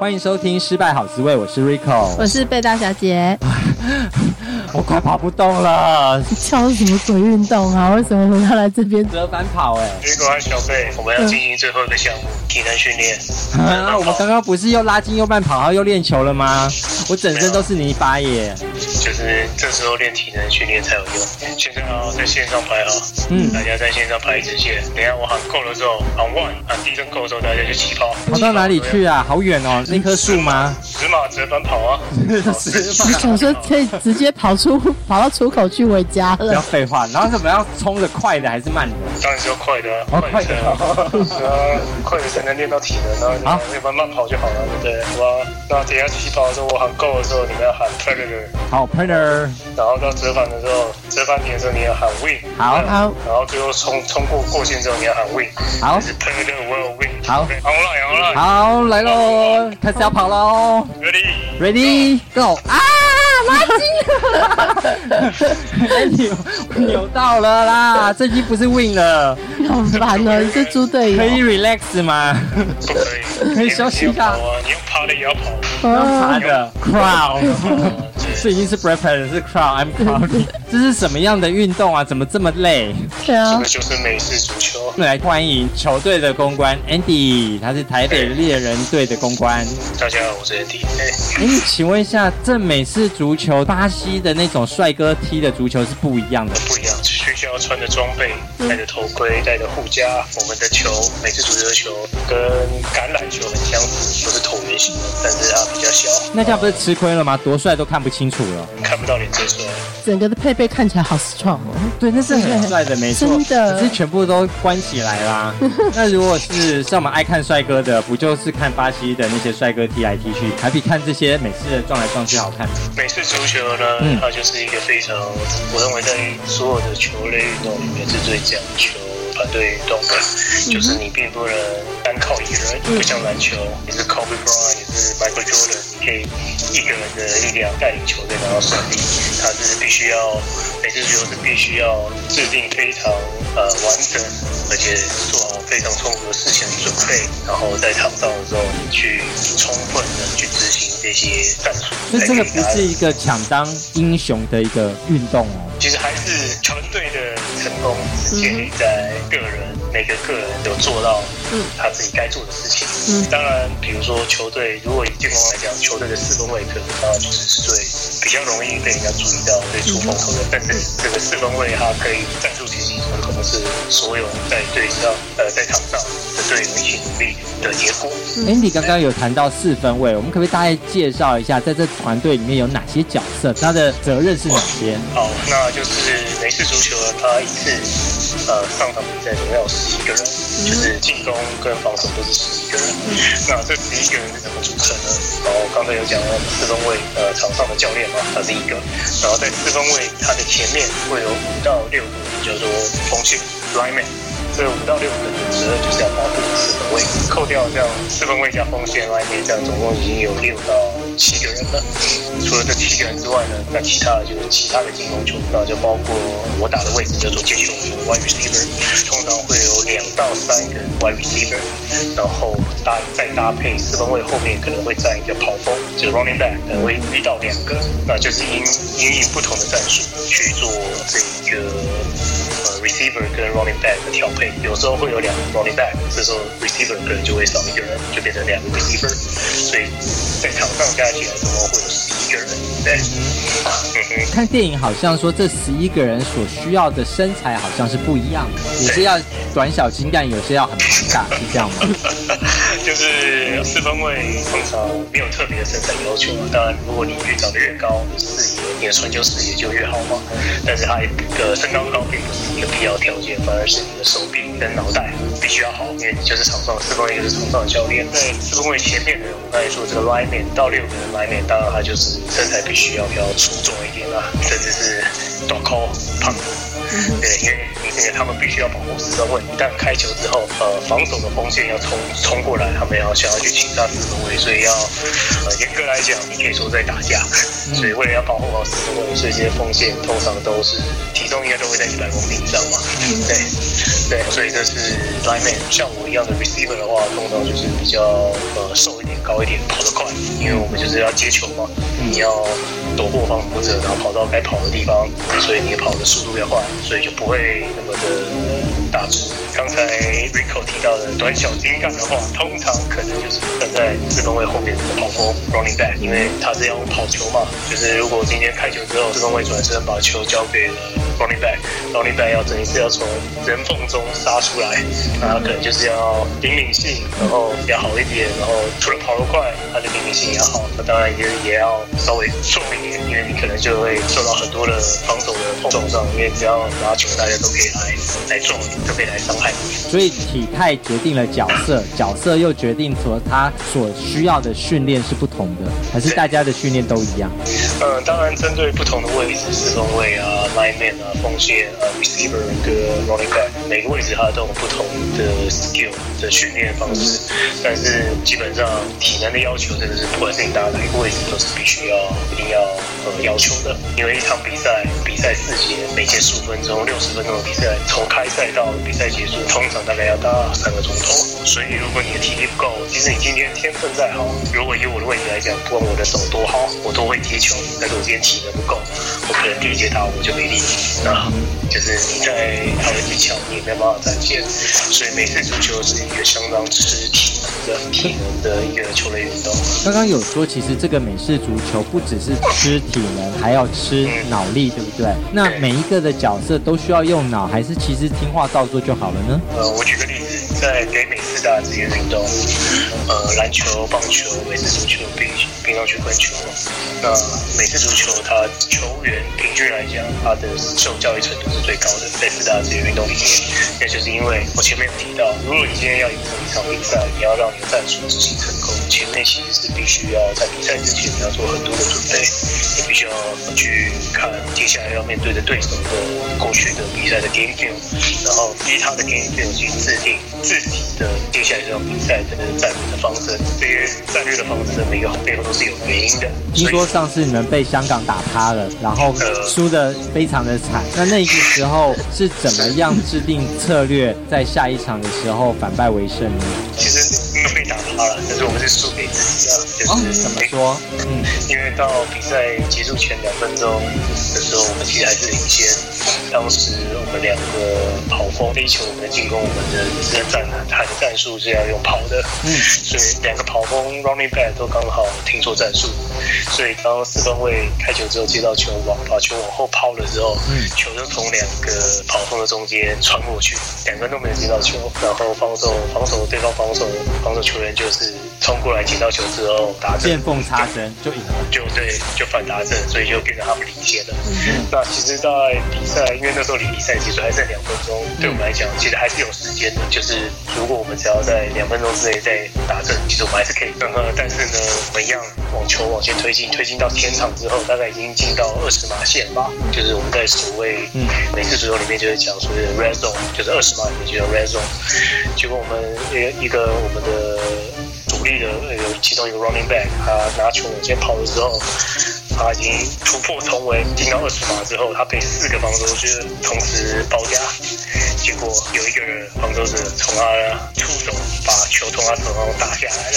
歡迎收聽《失敗好滋味》，我是 Rico，我是貝大小姐， 我快跑不動了，你敲什麼鬼運動啊？為什麼我要來這邊折返 跑、欸？哎，Rico 和小貝，我們要進行最後的項目——體能訓練。嗯、反反啊，我們剛剛不是又拉筋又慢跑，然後又練球了嗎？我整身都是泥巴耶。有 就是這時候練體能訓練才有用。現在啊，在線上排啊，嗯，大家在線上排一支線。等下我喊夠了之後，喊 one，喊第一聲夠的時候，大家就起跑。跑到哪裡去啊？好遠哦，那棵樹嗎？十碼折返跑啊！十碼折返跑，可以直接跑出跑到出口去回家了。不要廢話，然後怎麼樣？衝着快的還是慢的？當然是要快的，快的，快的才能練到體能。然後，我們慢慢跑就好了，對，好吧。那等下起跑的時候，我喊夠的時候，你們要喊快的。好。快點！然後到折返的時候，折返點的時候，你要喊 win，好。然後最後衝衝過過線之後你要喊 win，好。好。來嘍，開始要跑嘍。Ready, ready, go！啊！拉筋哈扭到了啦，這局不是 win 了。好煩啊！你是豬隊友，可以 relax 嗎？不可以。可以休息一下。你又跑的也要跑。啊！牛叉個 crowd。這已經是 brand，e 是 crowd，I'm crowd。 這是什麼樣的運動啊？怎麼這麼累？對啊，這個就是美式足球。來歡迎球隊的公關 Andy，他是台北獵人隊的公關。Hey, 大家好，我是 Andy，hey.。哎，欸，請問一下，這美式足球，巴西的那種帥哥踢的足球是不一樣的。不一樣，必須要穿的裝備，戴着頭盔，戴着護甲。我們的球，美式足球的球，跟橄欖球很相似，就是。但是它、啊、比較小，那這樣不是吃虧了嗎？多帥都看不清楚了，看不到你真帥。整個的配備看起來好 strong，、嗯、對，那是很帥的沒，沒錯，真的。可是全部都關起來啦、啊。 那如果是像我們愛看帥哥的，不就是看巴西的那些帥哥踢來踢去，還比看這些美式的撞來撞去好看？美式足球呢，嗯、它就是一個非常，我認為在所有的球類運動裡面是最的球團隊運動的。就是你並不能單靠一個人，嗯、不像籃球，你是 Kobe Bryant，你是 Michael Jordan，你可以一個人的力量帶領球隊拿到勝利。他是必須要每次，就是必須要制定非常呃完整、而且做好非常充足的事前準備，然後在場上的時候你去充分的去執行這些戰術。那這個不是一個搶當英雄的一個運動哦。其實。是團隊的成功，是建立在個人，嗯、每個個人都做到。嗯，他自己該做的事情。嗯，當然，比如說球隊，如果以進攻來講，球隊的四分衛可能當然就是最比較容易被人家注意到，對，出風頭。但是這個四分衛他可以專注提升，可能是所有在隊上呃在場上的隊員一起努力的結果。Andy，剛剛有談到四分衛，我們可不可以大概介紹一下，在這團隊裡面有哪些角色，他的責任是哪些？哦，那就是美式足球，他一次。呃，上場比賽裡面有十一個人，就是進攻跟防守都是十一個人。嗯、那這十一個人是怎麼組成呢？然後剛才有講了四分衛，呃，場上的教練嘛，他是一個。然後在四分衛，他的前面會有五到六個，就是，個就叫做鋒線。lineman 這五到六個人，主要就是要幫助四分衛。扣掉這樣四分衛加鋒線。外面這樣，總共已經有六到。七個人呢？除了這七個人之外呢，那其他就是其他的進攻球員，那就包括我打的位置叫做接球員，wide receiver。通常會有兩到三個 wide receiver，然後搭再搭配四分位後面可能會站一個跑鋒，就是 running back，等位一到兩個，那就是因因應不同的戰術去做這一個。receiver 跟 running back 的調配，有時候會有兩個 running back，這時候 receiver 可能就會少一個人，就變成兩個 receiver，所以在場上加起來的時候會有十一個人。對，看電影好像說這十一個人所需要的身材好像是不一樣的，有些要短小精幹，有些要很龐大，是這樣嗎？ 就是四分位通常沒有特別的身材要求嘛，當然如果你越長越高，你的視野你的傳球視野就越好嘛。但是他的身高高並不是一個必要條件，反而是你的手臂跟腦袋必須要好，因為你就是場上四分位，就是場上的教練。對，四分位前面的人我們來做這個拉 i n 面，到六的 l i n 面，當然他就是身材必須要比較出眾一點啦、啊，甚至是 tall、ok、胖。對，因為因為他們必須要保護四分衛，一旦開球之後，呃，防守的鋒線要衝衝過來，他們要想要去擒殺四分衛，所以要，呃，嚴格來講，你可以說在打架。所以為了要保護好四分衛，所以這些鋒線通常都是體重應該都會在一百公斤以上嘛。嗯、對。對，所以這是 lineman。像我一樣的 receiver 的話，通常就是比較呃瘦一點、高一點、跑得快，因為我們就是要接球嘛。嗯、你要躲過防守者，然後跑到該跑的地方，所以你跑的速度要快，所以就不會那麼的大只。剛才 Rico 提到的短小精幹的話，通常可能就是站在四分衛後面跑鋒 running back，因為他是要跑球嘛。就是如果今天開球之後，四分衛轉身把球交給了。Running back，running back 要整一次要從人縫中殺出來，那可能就是要靈敏性，然後要好一點，然後除了跑得快，它的靈敏性也要好，那當然也也要稍微重一點，因為你可能就會受到很多的防守的碰撞，因為只要拿球，大家都可以來來撞，特別來傷害你。所以體態決定了角色，角色又決定說他所需要的訓練是不同的，還是大家的訓練都一樣？呃、嗯，當然，針對不同的位置，四分衛啊、lineman 啊、鋒線啊、receiver 跟 running back，每個位置它都有不同的 skill 的訓練的方式。但是基本上體能的要求，真的是不管是你打哪個位置，都是必須要一定要呃要求的。因為一場比賽，比賽四節，每節十五分鐘、六十分鐘的比賽，從開賽到比賽結束，通常大概要打三個鐘頭。所以如果你的體力不夠，即使你今天天分再好，如果以我的位置來講，不管我的手多好，我都會踢球。但是我今天體能不夠，我可能第一節打我就沒力氣，那就是你在他的技巧你也沒有辦法展現，所以美式足球是一個相當吃體能的、體能的一個球類運動。剛剛有說，其實這個美式足球不只是吃體能，還要吃腦力，對不對？嗯、對。那每一個的角色都需要用腦，還是其實聽話照做就好了呢？呃，我舉個例子。在北美四大職業運動，呃，籃球、棒球、美式足球，冰、冰球、冰球。那美式足球，它球員平均來講，他的受教育程度是最高的。在四大職業運動裡面，那就是因為我前面有提到，如果你今天要贏一場比賽，你要讓你的戰術執行成。就是前面其實是必須要在比賽之前要做很多的準備，你必須要去看接下來要面對的對手的過去的比賽的 game film，然後其他的 game film 去制定自己的接下來這種比賽的戰術的方式。對於戰略的方式每一個背後都是有原因的。呃、聽說上次你們被香港打趴了，然後輸得非常的慘，那那一個時候是怎麼樣制定策略，在下一場的時候反敗為勝呢？其實。好了，但是我們是輸給自己的，就是怎麼說？嗯，因為到比賽結束前兩分鐘的時候，我們其實還是領先。當時我們兩個跑鋒 A 球在進攻，我們的直接戰，他的戰術是要用跑的，嗯、所以兩個跑鋒 running back 都剛好聽錯戰術，所以當四分衛開球之後接到球往把球往後拋了之後，嗯、球就從兩個跑鋒的中間穿過去，兩個人都沒有接到球，然後防守防守對方防守防守球員就是。衝過來進到球之後達陣，見縫插針就贏了，就對，就反達陣，所以就變成他們領先了。嗯嗯那其實，在比賽因為那時候離比賽結束還剩兩分鐘，對我們來講，嗯、其實還是有時間的。就是如果我們只要在兩分鐘之內再達陣，其實我們還是可以。嗯，但是呢，我們一樣往球往前推進，推進到前場之後，大概已經進到二十碼線吧。嗯、就是我們在所謂、嗯、美式足球裡面就會是講所謂的 Red Zone，就是二十碼線就叫 Red Zone。結果我們一個一個我們的。記得有其中一個 running back，他、啊、拿球往前跑的時候，他、啊、已經突破重圍，進到二十碼之後，他被四個防守者同時包夾，結果有一個人防守者從他出手把球從他手上打下來了。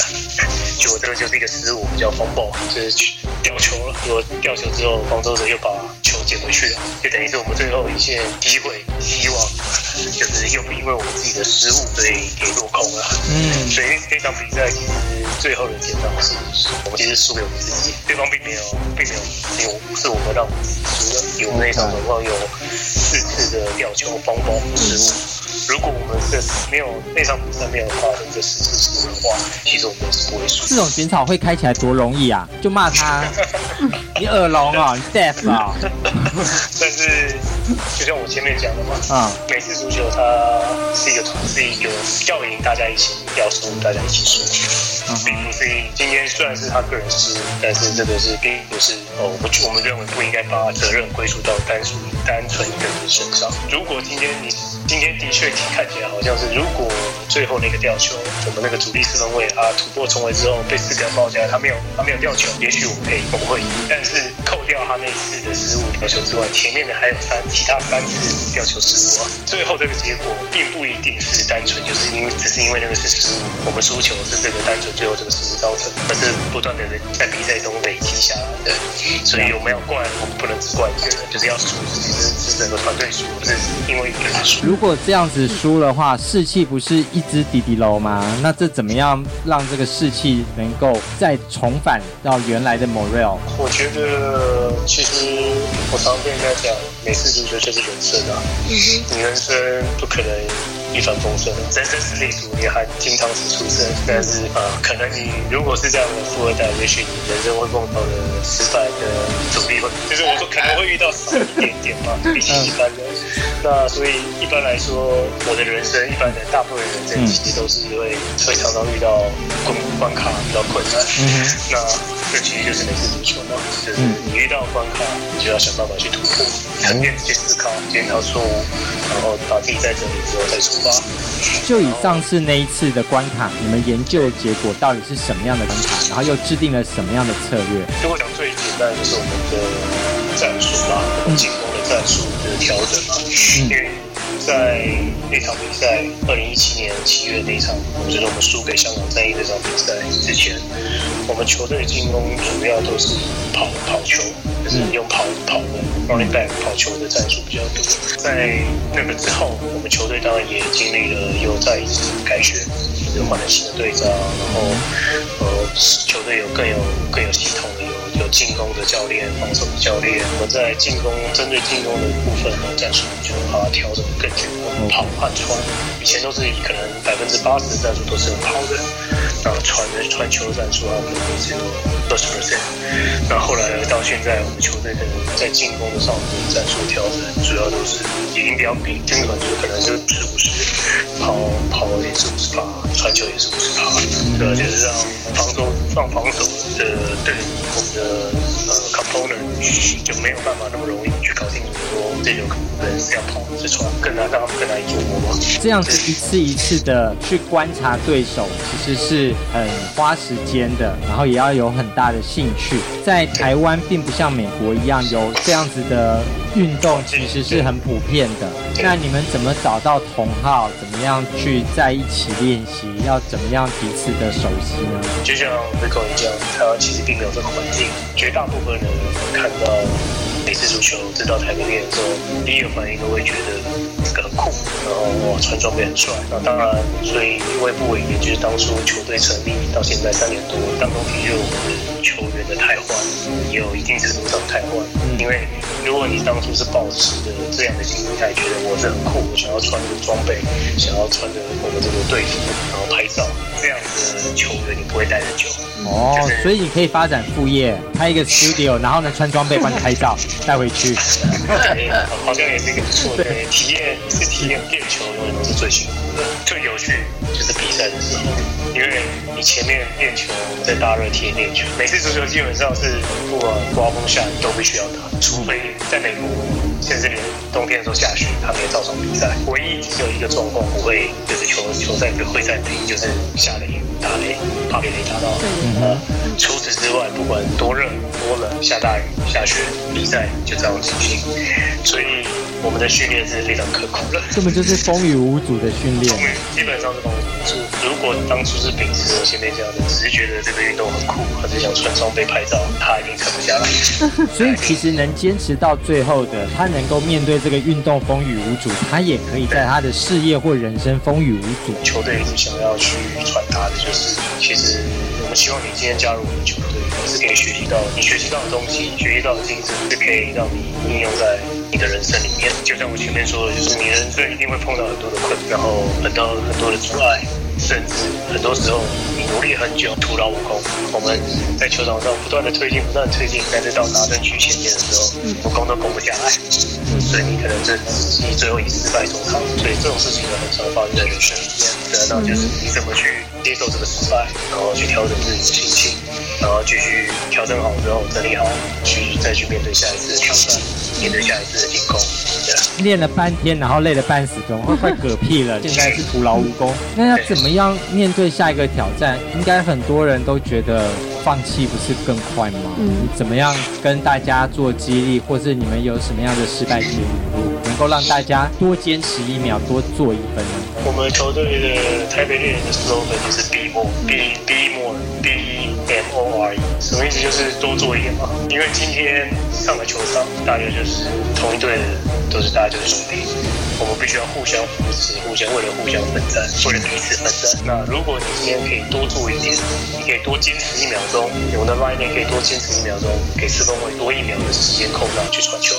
結果這個就是一個失誤，比較風暴，就是掉球了。結果掉球之後，防守者又把。撿回去了，就等於是我們最後一線機會，希望就是又因為我們自己的失誤，所以給落空了。嗯，所以這場比賽其實最後的結張是，我們其實輸給我們自己，對方並沒有，並沒有有是我們讓我們，除了有那一場，然後、嗯、有四次的吊球幫忙失誤。如果我們這沒有內傷，沒有發生這事實的話，其實我們是不會輸。這種檢討會開起來多容易啊！就罵他、啊，你耳聾啊，你 deaf 啊！ 但是，就像我前面講的嘛，啊，美式足球他是一個是一個要贏大家一起，要輸大家一起輸，所以今天雖然是他個人失誤，但是這個是並不是哦，我們我們認為不應該把他責任歸屬到單屬於單純一個人身上。如果今天你今天的確。看起來好像是，如果最後那個吊球，我們那個主力四分衛啊，突破重圍之後被四個人包夾，他沒有他沒有吊球，也許我們可以我們會贏，但是扣掉他那次的失誤吊球之外，前面的還有三其他三次吊球失誤啊，最後這個結果並不一定是單純就是因為只是因為那個是失誤，我們輸球是這個單純最後這個失誤造成的，而是不斷的人在比賽中累積下來的，所以我們要怪我們不能只怪一個人，就是要輸，就是整個團隊輸，不是因為一個人輸。如果這樣子。輸的話，士氣不是一直低低落嗎？那這怎麼樣讓這個士氣能夠再重返到原來的 morale？我覺得其實我常跟人家講，每次足球就是人生的啊，你人生不可能。一帆風順，在生生是貴族，你還經常是出生。但是呃，可能你如果是這樣的富二代，也許你人生會碰到的失敗的阻力會，會就是我說可能會遇到少一點點嘛，比起一般人。嗯、那所以一般來說，我的人生一般的大部分人，其實都是因為會常常遇到關關卡比較困難，嗯、那這其實就是那些讀說的，就是。嗯你遇到關卡，你就要想辦法去突破，沉澱去思考，減少錯誤，然後把定在這裡之後再出發。就以上次那一次的關卡，你們研究的結果到底是什麼樣的關卡？然後又制定了什麼樣的策略？就我想最簡單就是我們的戰術啦，進攻的戰術就是調整啦。嗯。嗯在那場比賽，二零一七年七月那場，我覺得我們輸給香港戰役那場比賽之前，我們球隊的進攻主要都是跑跑球，就是用跑跑的 running back 跑球的戰術比較多。嗯、在那個之後，我們球隊當然也經歷了又再一次改選，換了新的隊長，然後呃球隊有更有更有系統的。有進攻的教練，防守的教練，我在進攻針對進攻的部分的戰術，就是把它調整更久。嗯、跑、換、傳，以前都是可能百分之八十戰術都是跑的，然後傳的傳球戰術啊，可能只有二十 percent。那後，後來呢到現在，我們球隊的在進攻上的上面戰術調整，主要都是已經比較平，基本上就可能就四五十跑，跑也是五十八，傳球也是五十八，對，就是讓防守、讓防守的隊們的。呃。都能去就沒有辦法那麼容易去搞清楚說，這有可能分是要碰是穿，更難讓他們更難琢磨、摸摸，這樣子一次一次的去觀察對手，其實是很花時間的，然後也要有很大的興趣。在台灣並不像美國一樣有這樣子的。運動其實是很普遍的，那你們怎麼找到同好？怎麼樣去在一起練習？要怎麼樣彼此的熟悉呢？就像 Rico 一講，台灣其實並沒有這個環境，絕大部分人看到美式足球，知道台北獵人之後，第一反應都會覺得這個很酷，然後哇，穿裝備很帥。那當然，所以因為不為，也就是當初球隊成立到現在三年多，當中只有。球員的太歡，也有一定程度上太歡，因為如果你當初是保持的這樣的心態，覺得我是很酷，我想要穿這個裝備，想要穿著我們這個隊服，然後拍。這樣子，球員你不會帶着球哦，所以你可以發展副業，開一個 studio，然後呢穿裝備幫你拍照帶 回去，okay, 好像也是一個不錯的。對體驗是體驗練球的人，人是最辛苦的。最有趣，就是比賽的時候，因為你前面練球，在大熱天練球，每次足球基本上是不管刮風下雨都必須要打，除非在美國甚至連冬天的時候下雪，他們也照常比賽。唯一只有一個狀況不會，就是球球賽、會在，之一就是。是下雷打雷，怕被雷打到。呃、嗯，除此之外，不管多熱、多冷、下大雨、下雪，比賽就照常進行。所以。我們的訓練是非常刻苦的，根本就是風雨無阻的訓練。 基本上是風雨無阻。如果當初是秉持我現在這樣的，只是覺得這個運動很酷，可是想穿裝備拍照，他一定撐不下來。 所以其實能堅持到最後的，他能夠面對這個運動風雨無阻，他也可以在他的事業或人生風雨無阻。球隊一直想要去傳達的就是，其實。我希望你今天加入我們的球隊，是可以學習到你學習到的東西，學習到的精神是可以讓你應用在你的人生裡面。就像我前面說的，就是你人生一定會碰到很多的困難，然後碰到很多的阻礙，甚至很多時候你努力很久徒勞無功。我們在球場上不斷的推進，不斷的推進，但是到達陣區前面的時候，武功都攻不下來，所以你可能是你最後以失敗收場。所以這種事情呢，很少發生在人生裡面，得到就是你怎麼去接受這個失敗，然後去調整自己的心情，然後繼續調整好之後，整理好，去再去面對下一次的挑戰，面對下一次的進攻。這樣練了半天，然後累得半死中，會快嗝屁了，是現在是徒勞無功。是那要怎麼樣面對下一個挑戰？應該很多人都覺得放棄不是更快嗎？嗯、你怎麼樣跟大家做激勵，或是你們有什麼樣的失敗之路，是能夠讓大家多堅持一秒，多做一分呢？我們球隊的台北獵人的 slogan 就是 Be more, Be, Be more, Be, M-O-R-E，什麼意思？就是多做一點嘛。因為今天上了球場，大家就是同一隊的，都是大家就是兄弟，我們必須要互相扶持、互相為了、互相奮戰、為了彼此奮戰。那如果你今天可以多做一點，你可以多堅持一秒鐘，我們的 line 可以多堅持一秒鐘，給四分衛多一秒的時間扣然去傳球。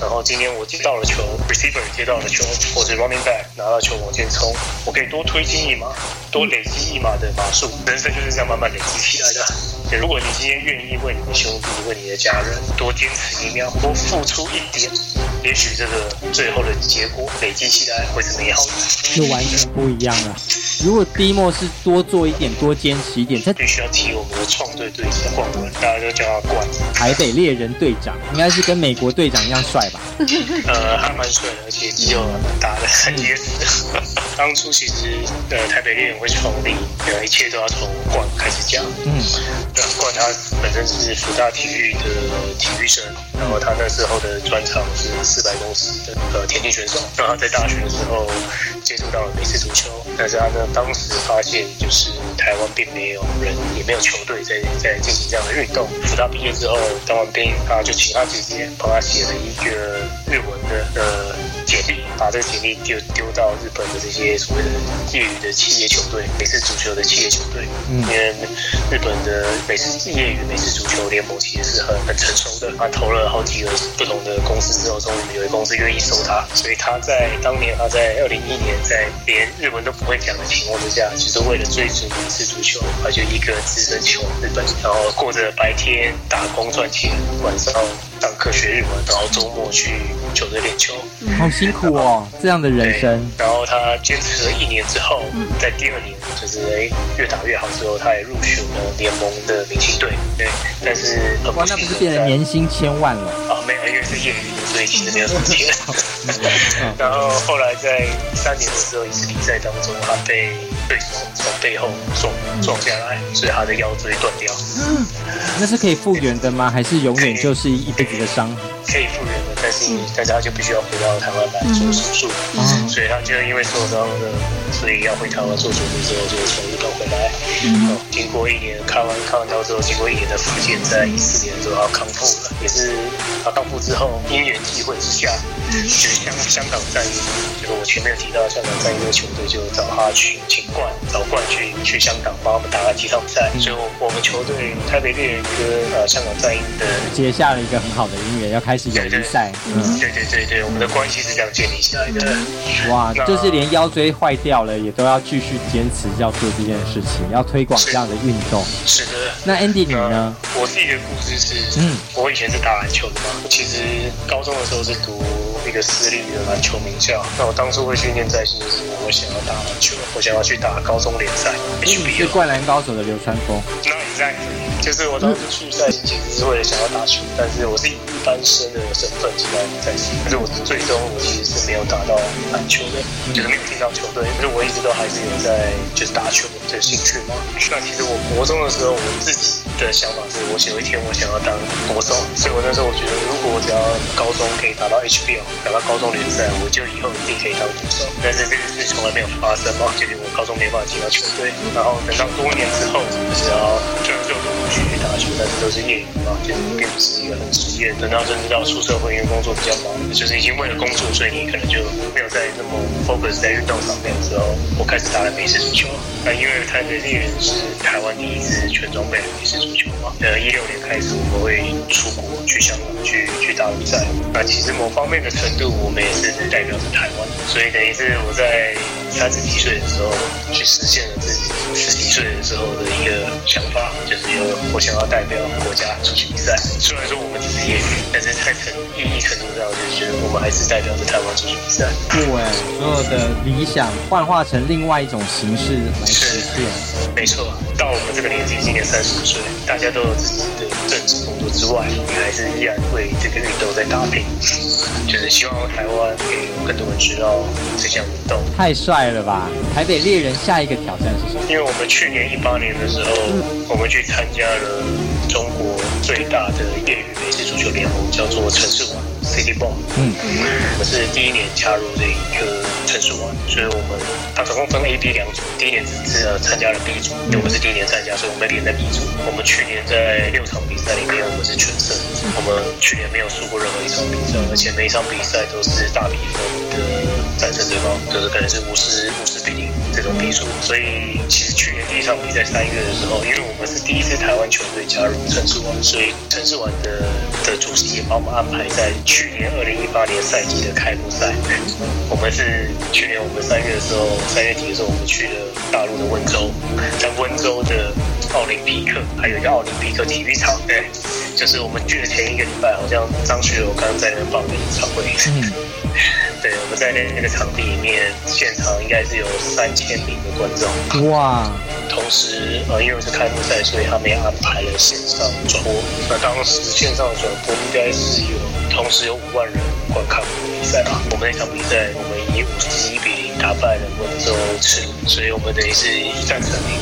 然後今天我接到了球，receiver 接到了球，或者 running back 拿到球，我。先從，我可以多推進一碼，多累積一碼的碼數。嗯、人生就是這樣慢慢累積起來的。如果你今天願意為你的兄弟、為你的家人多堅持一秒，多付出一點。也許這個最後的結果累積起來會怎麼樣？就完全不一樣了。如果第一幕是多做一點、多堅持一點，他必須要提我們的創隊隊長冠文，嗯、大家都叫他冠。台北獵人隊長應該是跟美國隊長一樣帥吧？呃，還蠻帥的，而且肌肉蠻大的，很結實。 當初其實呃，台北獵人會創立，然後一切都要從冠開始講。嗯，冠他本身是福大體育的體育生，然後他那時候的專長是。四百公尺的呃田徑選手，讓他在大學的時候接觸到了美式足球。但是他呢，當時發現就是台灣並沒有人，也沒有球隊在在進行這樣的運動。所以他畢業之後當完兵，他就請他姐姐幫他寫了一個日文的呃。把這個簡歷丟丟到日本的這些所謂的業餘的企業球隊，美式足球的企業球隊。嗯。因為日本的美式業餘美式足球聯盟其實是很很成熟的，他投了好幾個不同的公司之後，終於有一公司願意收他。所以他在當年，他在二零一一年，在連日文都不會講的情況之下，其、就、實、是、為了追逐美式足球，他就一個自深球日本，然後過着白天打工賺錢，晚上。上課學日文，然後周末去球場練球，好辛苦哦，這樣的人生。然後他堅持了一年之後，嗯、在第二年就是越打越好之後，他也入選了聯盟的明星隊。對，但是很不那不是變得年薪千萬了啊？沒有，因為是業餘所以其實沒有獎金。然後後來在三年的時候一次比賽當中，他被。從從背後撞撞下來，所以他的腰椎斷掉。嗯，那是可以復原的嗎？還是永遠就是一輩子的傷？可以復原的，但是大家、嗯、就必須要回到台灣來做手術，嗯嗯、所以他就因為受傷的，所以要回台灣做手術之後，就從日本回來。嗯嗯、經過一年看完看完之後，經過一年的復健，在一四年的時候要康復了。也是他康復之後，因緣際會之下，嗯、就香香港戰役，這個我前面提到香港戰役那個球隊就找他去請冠找冠軍，去,去香港幫我們打了幾場賽。嗯、所以，我們球隊台北獵人跟呃香港戰役的接下了一個很好的姻緣，要開始友誼賽。嗯，對對對對，我們的關係是這樣建立起來的。嗯、對哇，就那是連腰椎壞掉了也都要繼續堅持要做這件事情，要。推廣這樣的運動，是的，是的。那 Andy 你呢？我自己的故事是，嗯，我以前是打籃球的嘛。其實高中的時候是讀一個私立的籃球名校。那我當初會去唸再興，是我想要打籃球，我想要去打高中聯賽，去比一個灌籃高手的流川楓。那你在。就是我當時去賽，其實是為了想要打球，但是我是以單身的身份去到比賽，可是我最終我其實是沒有打到籃球的，就是沒有進到球隊，可、就是我一直都還是有在就是打球的這個興趣嘛。那其實我國中的時候，我自己的想法是我有一天我想要當國手。所以我那時候我覺得如果我只要高中可以打到 HBL、打到高中聯賽，我就以後一定可以當國手。但是這件事情從來沒有發生，就是我高中沒辦法進到球隊，然後等到多年之後，只要就就。但是都是業餘嘛，就並、是、不是一個很職業的，等到真正到出社會，因為工作比較忙，就是已經為了工作，所以你可能就沒有在那麼 focus 在運動上面的時候，我開始打了美式足球，那、啊、因為台北獵人是台灣第一支全裝備的美式足球嘛。那一六年開始我們會出國去香港去，去打比賽。那、啊、其實某方面的程度，我們也是代表着台灣。所以等於是我在。三十幾歲的時候，去實現了自己十幾歲的時候的一個想法，就是因為我想要代表國家出去比賽。雖然說我們只是業餘，但是太程意義程度上，我、就是、覺得我們還是代表着台灣出去比賽。不、嗯，所有的理想幻化成另外一種形式來實現，是沒錯，到我們這個年紀，今年三十五歲，大家都有自己的正之外，你還是依然為這個運動在打拼，就是希望台灣給更多人知道這項運動。太帥了吧！台北獵人下一個挑戰是什麼？因為我們去年一八年的時候，嗯、我們去參加了中國最大的業餘美式足球聯盟，叫做城市碗。City Bomb，嗯，我是第一年加入這一個陳述啊，所以我們它、啊、總共分 A、B 兩組，第一年只呃參加了 B 組，因為我們是第一年參加，所以我們連在 B 組。我們去年在六場比賽裡面，我們是全勝，我們去年沒有輸過任何一場比賽，而且每一場比賽都是大比分的戰勝對方，就是可能是五十五十比零。這種比賽，所以其實去年第一場比賽在三月的時候，因為我們是第一次台灣球隊加入城市碗，所以城市碗的的主席也把我們安排在去年二零一八年賽季的開幕賽。我們是去年我們三月的時候，三月底的時候，我們去了大陸的溫州，在溫州的奧林匹克，還有一個奧林匹克體育場，對，就是我們去的前一個禮拜，好像張學友剛剛在那邊辦了演唱會。嗯對，我們在那個場地裡面，現場應該是有三千名的觀眾。哇！同時，呃，因為是開幕賽，所以他們也安排了線上轉播。那當時線上的轉播應該是有，同時有五萬人觀看的比賽吧。我們那場比賽，我們以五十一比零。打敗了溫州城，所以我們等於是一戰成名，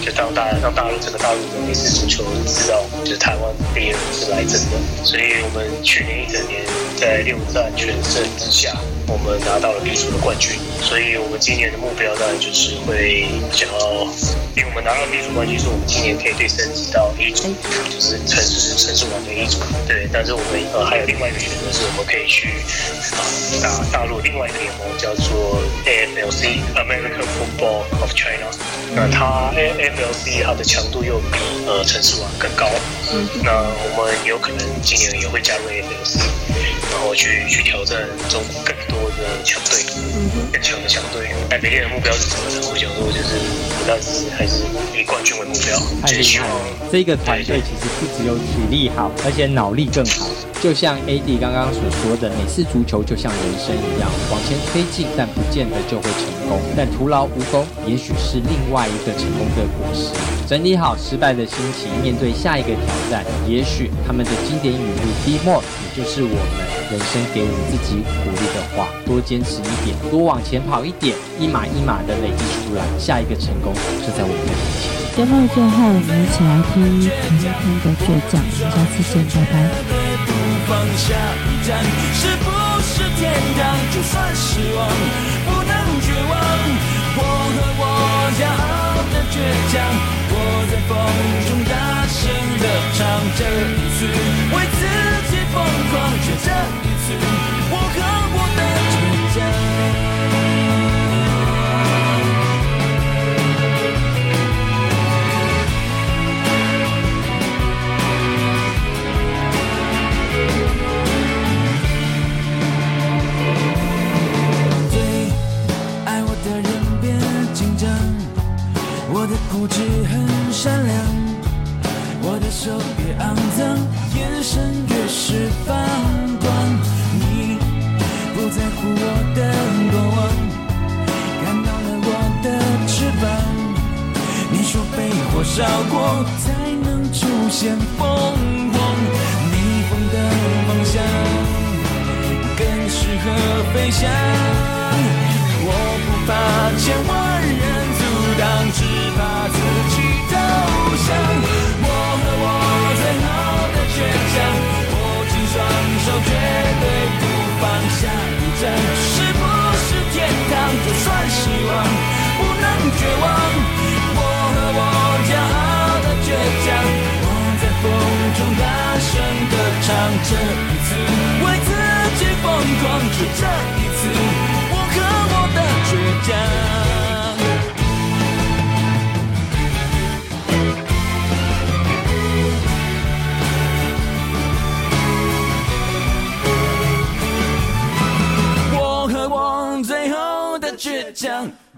就當大讓大陸這個大陸的美式足球知道，就是台灣第二是來真的。所以我們去年一整年在六戰全勝之下，我們拿到了 B 組的冠軍。所以我們今年的目標呢，就是會想要，因為我們拿到 B 組冠軍說，說我們今年可以對升級到 A 組，就是城市城市網的 A 組。對，但是我們呃還有另外一個選擇，就是我們可以去打打大陸另外一個聯盟，叫做 FLC American Football of China，那它 FLC 它的強度又比呃城市碗更高。嗯、哼那我們有可能今年也會加入 FLC，然後去去挑戰中國更多的強隊，更強的強隊。哎，你們的目標是什麼呢？我想說就是，不但是還是以冠軍為目標。太厲害了！這個團隊其實不只有體力好，而且腦力更好。哎就像 A.D. 剛剛所說的，每次足球就像人生一樣往前推進，但不見得就會成功，但徒勞無功，也許是另外一個成功的果實。整理好失敗的心情，面對下一個挑戰，也許他們的經典語錄 Be more，也就是我們人生給我們自己鼓勵的話。多堅持一點，多往前跑一點，一碼一碼的累積出來，下一個成功就在我們面前。節目最後，我們一起來聽陳奕迅的《倔強》，下次再見，拜拜。千萬人阻擋，只怕自己投降。我和我最後的倔強，握緊雙手，絕對不放。下一站是不是天堂？就算失望，不能絕望。我和我驕傲的倔強，我在風中大聲的唱，這一次為自己瘋狂就這。我和我最後的倔強。